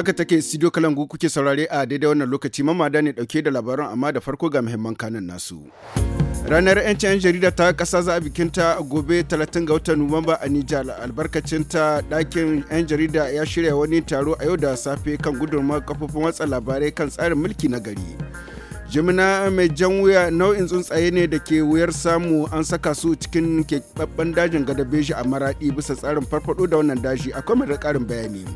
Haka take studio Kalangu kuke saurare a daidai wannan lokaci mamada ne dauke da labaran amma da farko ga muhimman kanan nasu. Ranar 'yancin 'yan jarida ta kasa za a bikinta gobe 30 ga watan Nuwamba a Nijar albarkacin ta ɗakin 'yan jarida ya shirya wani taro a yau da safe kan gudunmawar kafofin watsa labarai kan tsarin mulki na gari. jimina mai jan wuya nau'in tsuntsaye ne da ke wuyar samu an saka su cikin keɓaɓɓen dajin beji a maraɗi bisa tsarin farfaɗo da wannan daji akwai mai da ƙarin bayani.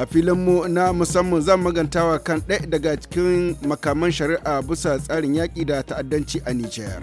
a filinmu na musamman zan magantawa kan ɗaya daga cikin makaman shari'a bisa tsarin yaƙi da ta'addanci a Nijar.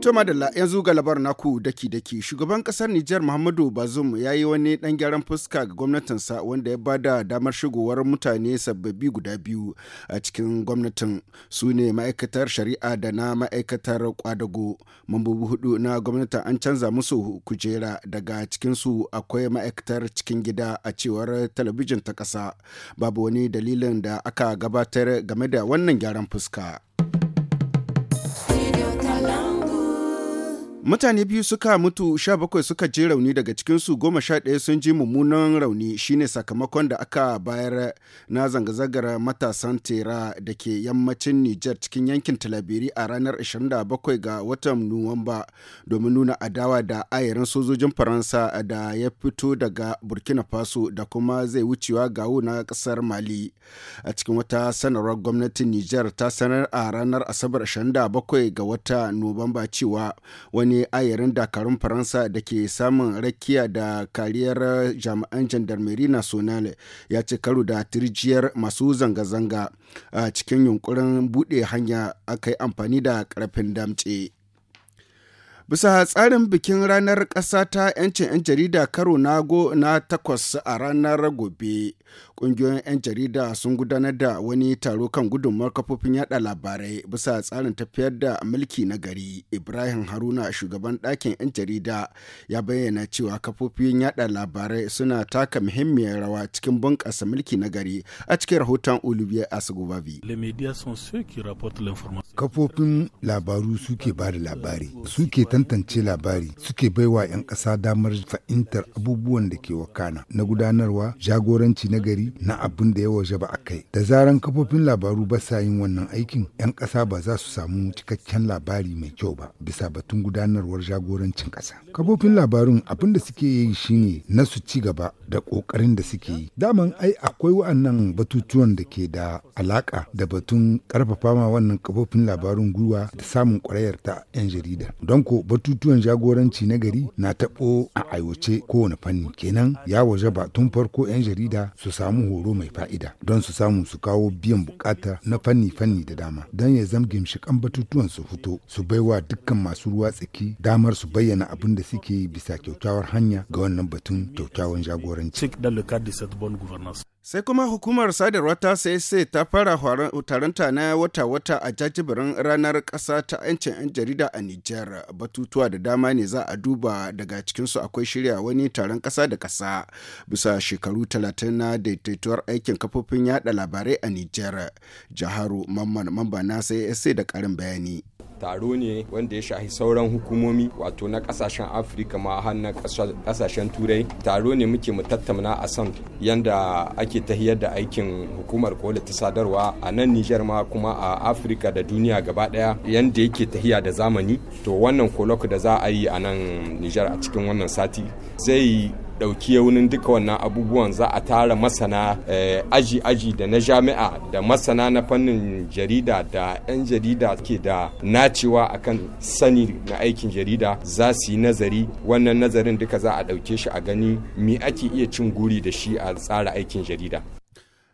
To madalla yanzu ga labar naku daki-daki shugaban kasar Nijar Muhammadu Bazoum ya yi wani dan gyaran fuska ga gwamnatinsa wanda ya bada damar shigowar mutane sababbi guda biyu a cikin gwamnatin su ne ma'aikatar shari'a da na ma'aikatar kwadago mambobi hudu na gwamnatin an canza musu kujera daga cikin su akwai ma'aikatar cikin gida a cewar talabijin ta ƙasa babu wani dalilin da aka gabatar game da wannan gyaran fuska. Mutane biyu suka mutu sha bakwai suka je rauni daga cikinsu goma sha ɗaya sun ji mummunan rauni shine sakamakon da aka bayar na zanga-zangar matasan tera da ke yammacin Nijar cikin yankin Talabiri a ranar 27 ga watan Nuwamba domin nuna adawa da ayarin sojojin Faransa da ya fito daga Burkina Faso da kuma zai wucewa gawo na kasar Mali. A cikin wata sanarwar gwamnatin Nijar ta sanar a ranar Asabar 27 ga wata Nuwamba cewa wani ne ayarin dakarun faransa da ke samun rakiya da kariyar jami'an gendarmerie national ya ce karo da turjiyar masu zanga-zanga a cikin yunkurin buɗe hanya aka yi amfani da karfin damtse. bisa tsarin bikin ranar ƙasa ta 'yancin 'yan jarida karo na go na takwas a ranar gobe kungiyoyin 'yan jarida sun gudanar da wani taro kan gudunmawar kafofin yada labarai bisa tsarin tafiyar da mulki na gari. Ibrahim Haruna shugaban ɗakin 'yan jarida ya bayyana cewa kafofin yada labarai suna taka muhimmiyar rawa cikin bunƙasa mulki na gari a cikin rahoton Olivier Asugubavi. Kafofin labaru suke ba da labari, suke tantance labari, suke baiwa 'yan ƙasa damar fahimtar abubuwan da ke wakana na gudanarwa, jagoranci na gari na abin da ya waje ba a kai da zaran kafofin labaru ba sa yin wannan aikin 'yan ƙasa ba za su samu cikakken labari mai kyau ba bisa batun gudanarwar jagorancin ƙasa kafofin labarun abin da suke yi shine na su ci gaba da ƙoƙarin da suke yi daman ai akwai wa'annan batutuwan da ke da alaƙa da batun ƙarfafa ma wannan kafofin labarun gwiwa da samun ƙwarayar ta 'yan jarida don ko batutuwan jagoranci na gari na taɓo a aiwace kowane fanni kenan ya waje ba tun farko 'yan jarida su samu samun horo mai fa'ida don su samu su kawo biyan bukata na fanni-fanni da dama don ya zama gimshikan batutuwan su fito su baiwa dukkan masu ruwa tsaki damar su bayyana abin da suke yi bisa kyaukyawar hanya ga wannan batun kyaukyawan jagoranci. Sai kuma hukumar sadarwa ta sai ta fara taronta na wata-wata a jajibirin ranar ƙasa ta 'yancin 'yan jarida a Nijar. Batutuwa da dama ne za a duba daga cikinsu akwai shirya wani taron ƙasa da ƙasa bisa shekaru 30 na daidaituwar aikin kafofin yaɗa labarai a Nijar. Jaharu Mamman mamba na sai da ƙarin bayani. taro ne wanda ya shahi sauran hukumomi wato na kasashen afirka ma har na kasashen turai taro ne muke mu tattauna a san yanda ake tahiyar da aikin hukumar koli ta sadarwa a nan niger ma kuma a afirka da duniya gaba daya yanda yake tahiya da zamani to wannan kolok da za a yi a nan niger a cikin wannan sati zai ɗauki yaunin duka wannan abubuwan za a tara masana aji-aji eh, da na jami'a da masana na fannin jarida da 'yan jarida ke da nacewa a kan sani na aikin jarida za su yi nazari wannan nazarin duka za a ɗauke shi a gani me ake iya cin guri da shi a tsara aikin jarida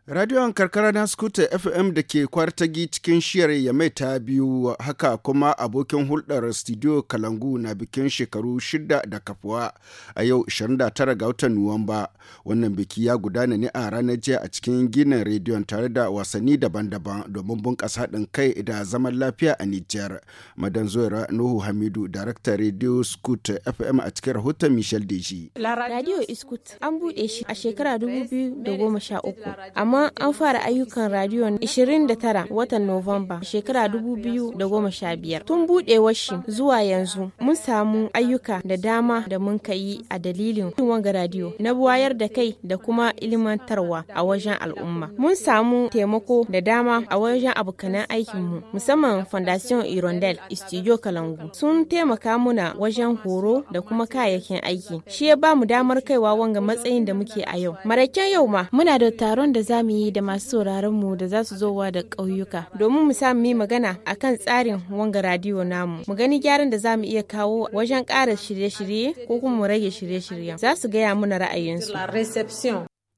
Radiyon karkara na Skuta FM da ke kwartagi cikin shiyar Yamai ta biyu haka kuma abokin hulɗar studio Kalangu na bikin shekaru shida da kafuwa a yau 29 ga watan Nuwamba. Wannan biki ya gudana ne a ranar jiya a cikin ginin rediyon tare da wasanni daban-daban domin bunƙasa haɗin kai da zaman lafiya a Nijar. Madan Zuwaira Nuhu Hamidu, Darakta Radio Scoot FM a cikin rahoton Michel Deji. Radio Scoot an buɗe shi a shekara 2013 amma an fara ayyukan radiyon 29 watan Nuwamba shekara 2015. Tun buɗewar shi zuwa yanzu mun samu ayyuka da dama da mun ka yi a dalilin wanga radiyo na wayar da kai da kuma ilimantarwa a wajen al'umma. Mun samu taimako da dama a wajen abokanan mu. musamman Fondation Irondel Studio Kalangu sun taimaka muna wajen horo da kuma kayayyakin aiki. Shi ya ba mu damar kaiwa wanga matsayin da muke a yau. Maraken yau ma muna da taron da za mu yi da masu sauraron mu da za su zowa da ƙauyuka domin mu samu yi magana akan tsarin wanga radiyo namu mu gani gyaran da za mu iya kawo wajen ƙara shirye-shirye ko kuma mu rage shirye shirye za su gaya mana ra'ayinsu.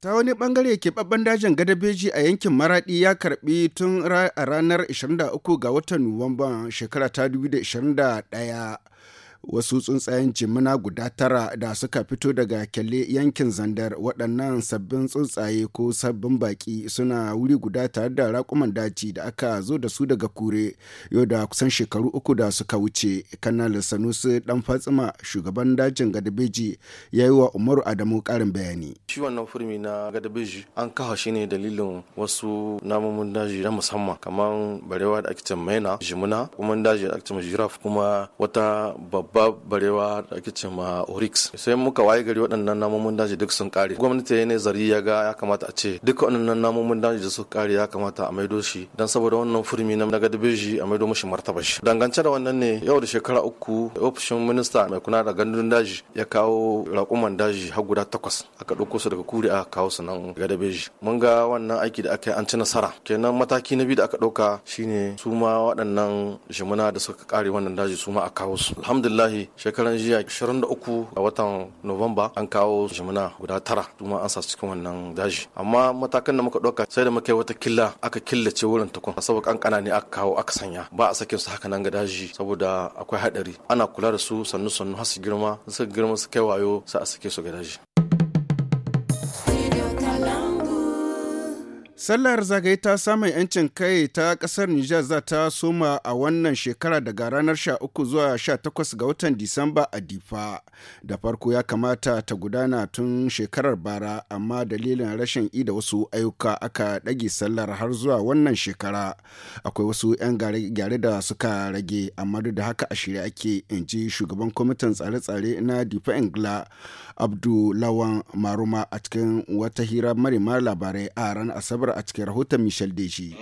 ta wani bangare keɓaɓɓen dajin gadabeji a yankin maraɗi ya karɓi tun a ranar 23 ga watan nuwamban shekara ta 2021 wasu tsuntsayen jimina guda tara da suka fito daga kyalle yankin zandar waɗannan sabbin tsuntsaye ko sabbin baƙi suna wuri guda tare da raƙuman daji da aka zo da su daga kure yau da kusan shekaru uku da suka wuce kanal sanusi dan fatsima shugaban dajin gadabeji ya yi wa umaru adamu ƙarin bayani shi wannan furmi na gadabeji an kawo shi ne dalilin wasu namomin daji na musamman kamar barewa da ake maina jimina kuma daji da ake jiraf kuma wata babba barewa da ake ce ma orix sai muka waye gari waɗannan namomin daji duk sun kare gwamnati ya nazari ya ga ya kamata a ce duk waɗannan namomin daji da suka kare ya kamata a maido shi dan saboda wannan furmi na daga dubeji a maido mishi martaba shi dangance da wannan ne yau da shekara uku ofishin minista mai kuna da gandun daji ya kawo raƙuman daji har guda takwas aka ɗauko su daga kuri a kawo su nan daga dubeji mun ga wannan aiki da aka yi an ci nasara kenan mataki na biyu da aka ɗauka shine su ma waɗannan jimina da suka kare wannan daji su ma a kawo su alhamdulillah alhamdulillahi shekaran jiya 23 a watan novemba an kawo jimina guda tara kuma an sa cikin wannan daji amma matakan da muka ɗauka sai da muka yi wata killa aka killace wurin tukun saboda kankana ne aka kawo aka sanya ba a sakin su haka nan ga daji saboda akwai haɗari ana kula da su sannu sannu har su girma su girma su kai wayo sai a sake su ga daji Sallar zagaye ta samun 'yancin kai ta ƙasar Nijar za ta soma a wannan shekara daga ranar 13 zuwa 18 ga watan Disamba a Difa. Da farko ya kamata ta gudana tun shekarar bara, amma dalilin rashin ida wasu ayyuka aka ɗage sallar har zuwa wannan shekara. Akwai wasu 'yan gyare da suka rage, amma duk da haka a shirya ake in ji shugaban kwamitin tsare-tsare na Difa Ingila Abdu Maruma a cikin wata hira marima labarai a ranar Asabar cewar a cikin rahoton Michel Deji.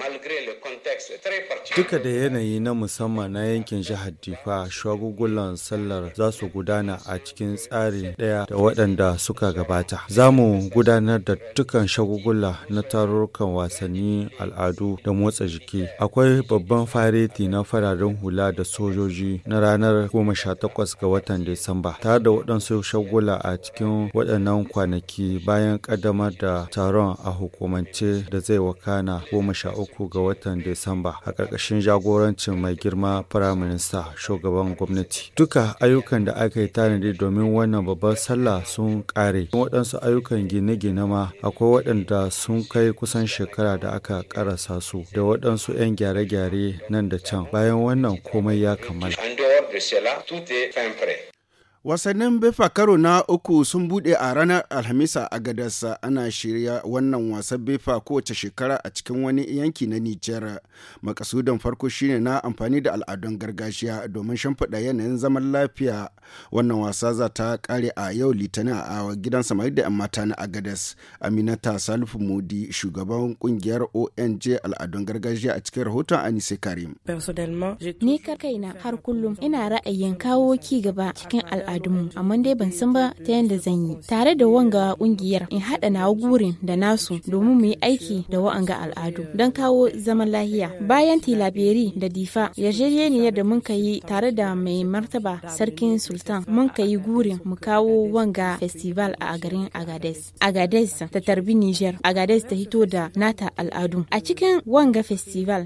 Duka da yanayi na musamman na yankin jihar Difa, shagugulan sallar za su gudana a cikin tsari ɗaya da waɗanda suka gabata. Za mu gudanar da dukkan shagugula na tarurrukan wasanni, al'adu da motsa jiki. Akwai babban fareti na fararen hula da sojoji na ranar 18 ga watan Disamba, tare da waɗansu shagula a cikin waɗannan kwanaki bayan ƙaddamar da taron a hukumance da da zai wakana goma sha uku ga watan Disamba a ƙarƙashin jagorancin mai girma firaminista shugaban gwamnati. Duka ayyukan da aka yi tanadi domin wannan babbar sallah sun ƙare. Waɗansu ayyukan gine-gine ma akwai waɗanda sun kai kusan shekara da aka ƙarasa su da waɗansu 'yan gyare-gyare nan da can. Bayan wannan komai ya kammala. Wasannin bifa karo na uku sun bude a ranar Alhamisa a Gadarsa ana shirya wannan wasan bifa kowace shekara a cikin wani yanki na Nijar. Makasudan farko shine na amfani da al'adun gargajiya domin shimfiɗa yanayin zaman lafiya. Wannan wasa za ta kare a yau Litinin a gidan samari da 'yan mata na Agadas. Aminata Salifu Modi shugaban kungiyar ONG al'adun gargajiya a cikin rahoton Anise Karim. Ni kaina har kullum ina ra'ayin kawo ki gaba cikin al'adun al'adunmu amma dai ban san ba ta yadda zan yi tare da wanga kungiyar in haɗa nawa gurin da nasu domin mu yi aiki da wanga al'adu don kawo zaman lahiya bayan tilaberi da difa yarjejeniyar da mun yi tare da mai martaba sarkin sultan mun yi gurin mu kawo wanga festival a garin agades agades ta tarbi niger agades ta hito da nata al'adu a cikin wanga festival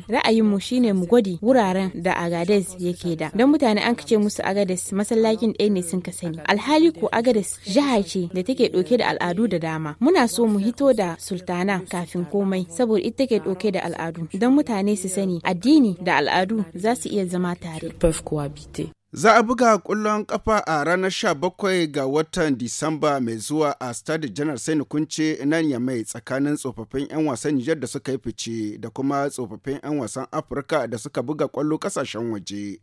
mu shine mu gwadi wuraren da agades yake da don mutane an kace musu agades masallacin ɗaya ne sun abin ka sani alhali ko agadas jiha ce da take ɗauke da al'adu da dama muna so mu hito da sultana kafin komai saboda ita take ɗauke da al'adu don mutane su sani addini da al'adu za su iya zama tare Za a buga kullon ƙafa a ranar 17 ga watan Disamba mai zuwa a Stade Janar Sani Kunce nan Yamai tsakanin tsofaffin 'yan wasan Nijar da suka yi fice da kuma tsofaffin 'yan wasan Afirka da suka buga ƙwallo kasashen waje.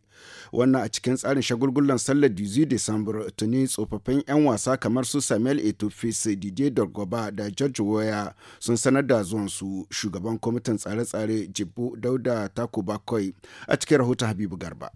Wannan a cikin tsarin shagulgulan sallar 18 Disambar tuni tsofaffin 'yan wasa kamar su Samuel Etofis, Didier Dorgoba da George Weah sun sanar da zuwan su shugaban kwamitin tsare-tsare Jibbo Dauda Takubakoi a cikin rahoton Habibu Garba.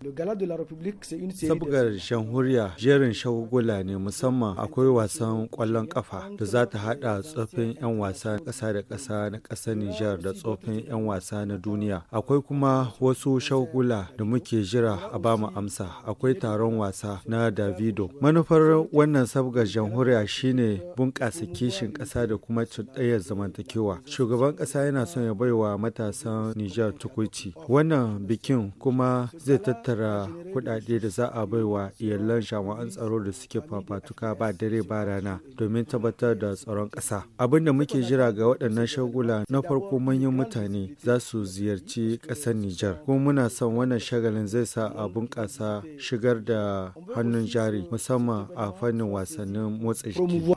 sabgar shanhuriya jerin shagugula ne musamman akwai wasan kwallon kafa da za ta hada tsofin 'yan wasa na ƙasa da ƙasa na ƙasar Nijar da tsofin 'yan wasa na duniya. Akwai kuma wasu shagugula da muke jira a bamu amsa. Akwai taron wasa na Davido. Manufar wannan sabgar jamhuriya shine bunƙasa kishin ƙasa da kuma cuɗayar zamantakewa. Shugaban ƙasa yana son ya baiwa matasan Nijar tukuici. Wannan bikin kuma zai tattara kuɗaɗe da za a baiwa iyalan jami'an tsaro da suke fafatuka ba dare ba rana domin tabbatar da tsaron ƙasa. Abin da muke jira ga waɗannan shagula na farko manyan mutane za su ziyarci ƙasar Nijar. Kuma muna son wannan shagalin zai sa a bunƙasa shigar da hannun jari musamman a fannin wasannin motsa jiki.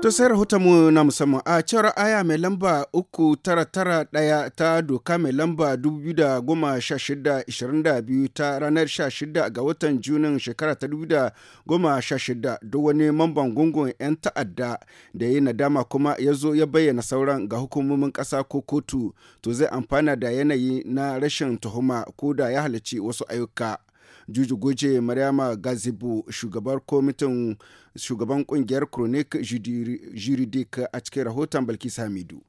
To sai rahotonmu na musamman a cewar aya mai lamba 3991 ta doka mai lamba 2016-22 ta ranar 16 ga watan Junin shekara ta 2016 duk wani mamban gungun 'yan ta'adda da ya nadama kuma ya zo ya bayyana sauran ga hukumomin ƙasa ko kotu to zai amfana da yanayi na rashin tuhuma ko da ya halarci wasu ayyuka. Juju Goje Maryama Gazibu shugabar kwamitin shugaban kungiyar Chronic Juridic a cikin rahoton Balkis Hamidu.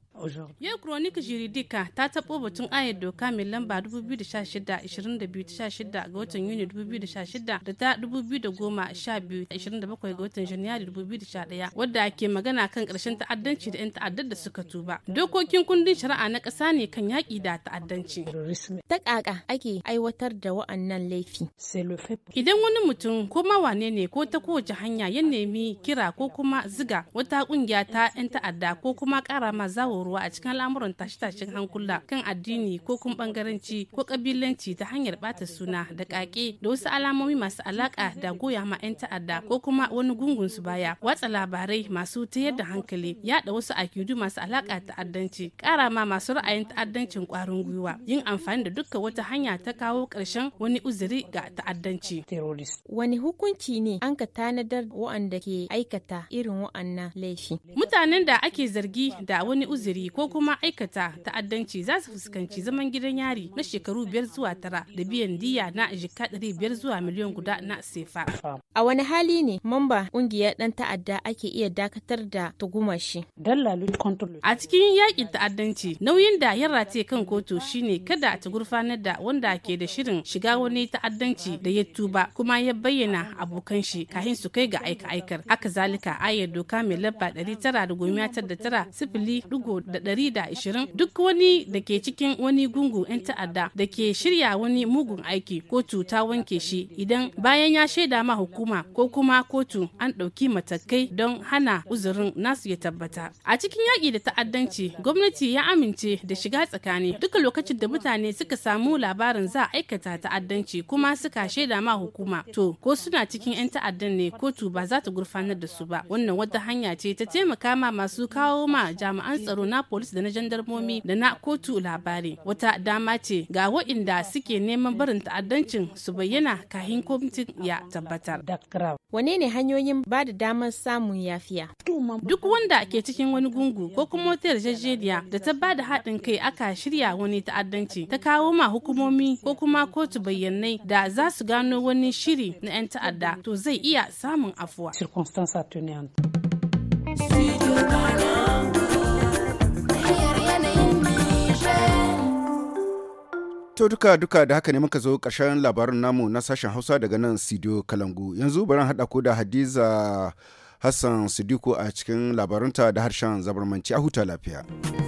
Yau Kronika Juridika ta taɓo batun ayar doka mai lamba 2016 2016 ga watan Yuni 2016 da ta 2010-27 ga watan Janairu 2011 wadda ke magana kan ƙarshen ta'addanci da 'yan ta'addar da suka tuba. Dokokin kundin shari'a na ƙasa ne kan yaƙi da ta'addanci. Ta ƙaƙa ake aiwatar da wa'annan laifi. Idan wani mutum ko ma wane ne ko ta kowace hanya ya nemi kira ko kuma ziga wata ƙungiya ta 'yan ta'adda ko kuma ƙara ma zaworo wa a cikin al'amuran tashe-tashen hankula kan addini ko kuma bangaranci ko kabilanci ta hanyar bata suna da kake da wasu alamomi masu alaka da goya ma 'yan ta'adda ko kuma wani gungun su baya watsa labarai masu tayar da hankali yada wasu akidu masu alaka ta'addanci kara ma masu ra'ayin ta'addancin kwarin gwiwa yin amfani da dukka wata hanya ta kawo ƙarshen wani uzuri ga ta'addanci wani hukunci ne an ka tanadar wa'anda ke aikata irin wa'annan laifi mutanen da ake zargi da wani uzuri ko kuma aikata ta'addanci za su fuskanci zaman gidan yari na shekaru biyar zuwa tara da biyan diya na jika ɗari biyar zuwa miliyan guda na sefa. A wani hali ne mamba ƙungiyar ɗan ta'adda ake iya dakatar da tuguma shi. A cikin yaƙin ta'addanci nauyin da ya rataye kan kotu shine kada ta gurfanar da wanda ke da shirin shiga wani ta'addanci da ya tuba kuma ya bayyana abokan shi kafin su kai ga aika aikar. Haka zalika ayar doka mai labba ɗari tara da goma tara sifili ɗigo da ɗari da ashirin duk wani da ke cikin wani gungu 'yan ta'adda da ke shirya wani mugun aiki kotu ta wanke shi idan bayan ya shaida ma hukuma ko kuma kotu an ɗauki matakai don hana uzurin nasu ya tabbata a cikin yaƙi da ta'addanci gwamnati ya amince da shiga tsakani duka lokacin da mutane suka samu labarin za aikata ta'addanci kuma suka shaida ma hukuma to ko suna cikin 'yan ta'addan ne kotu ba za ta gurfanar da su ba wannan wata hanya ce ta taimaka ma masu kawo ma jami'an tsaro na polis da na jandarmomi da na kotu labari wata dama ce ga waɗanda suke neman barin ta'addancin su bayyana kahin kwamitin ya tabbatar. Wane ne hanyoyin ba da damar samun yafiya? Duk wanda ke cikin wani gungu ko kuma wata yarjejeniya da ta ba da haɗin kai aka shirya wani ta'addanci ta kawo ma hukumomi ko kuma kotu bayyanai da za su gano wani shiri na 'yan ta'adda to zai iya samun afuwa. Studio Ghana. To duka duka da haka ne muka zo ƙarshen labarin namu na sashen Hausa daga nan Sidiyo Kalangu. Yanzu bari haɗa ku da Hadiza Hassan Sidiku a cikin labarunta da harshen zabarmanci a huta lafiya.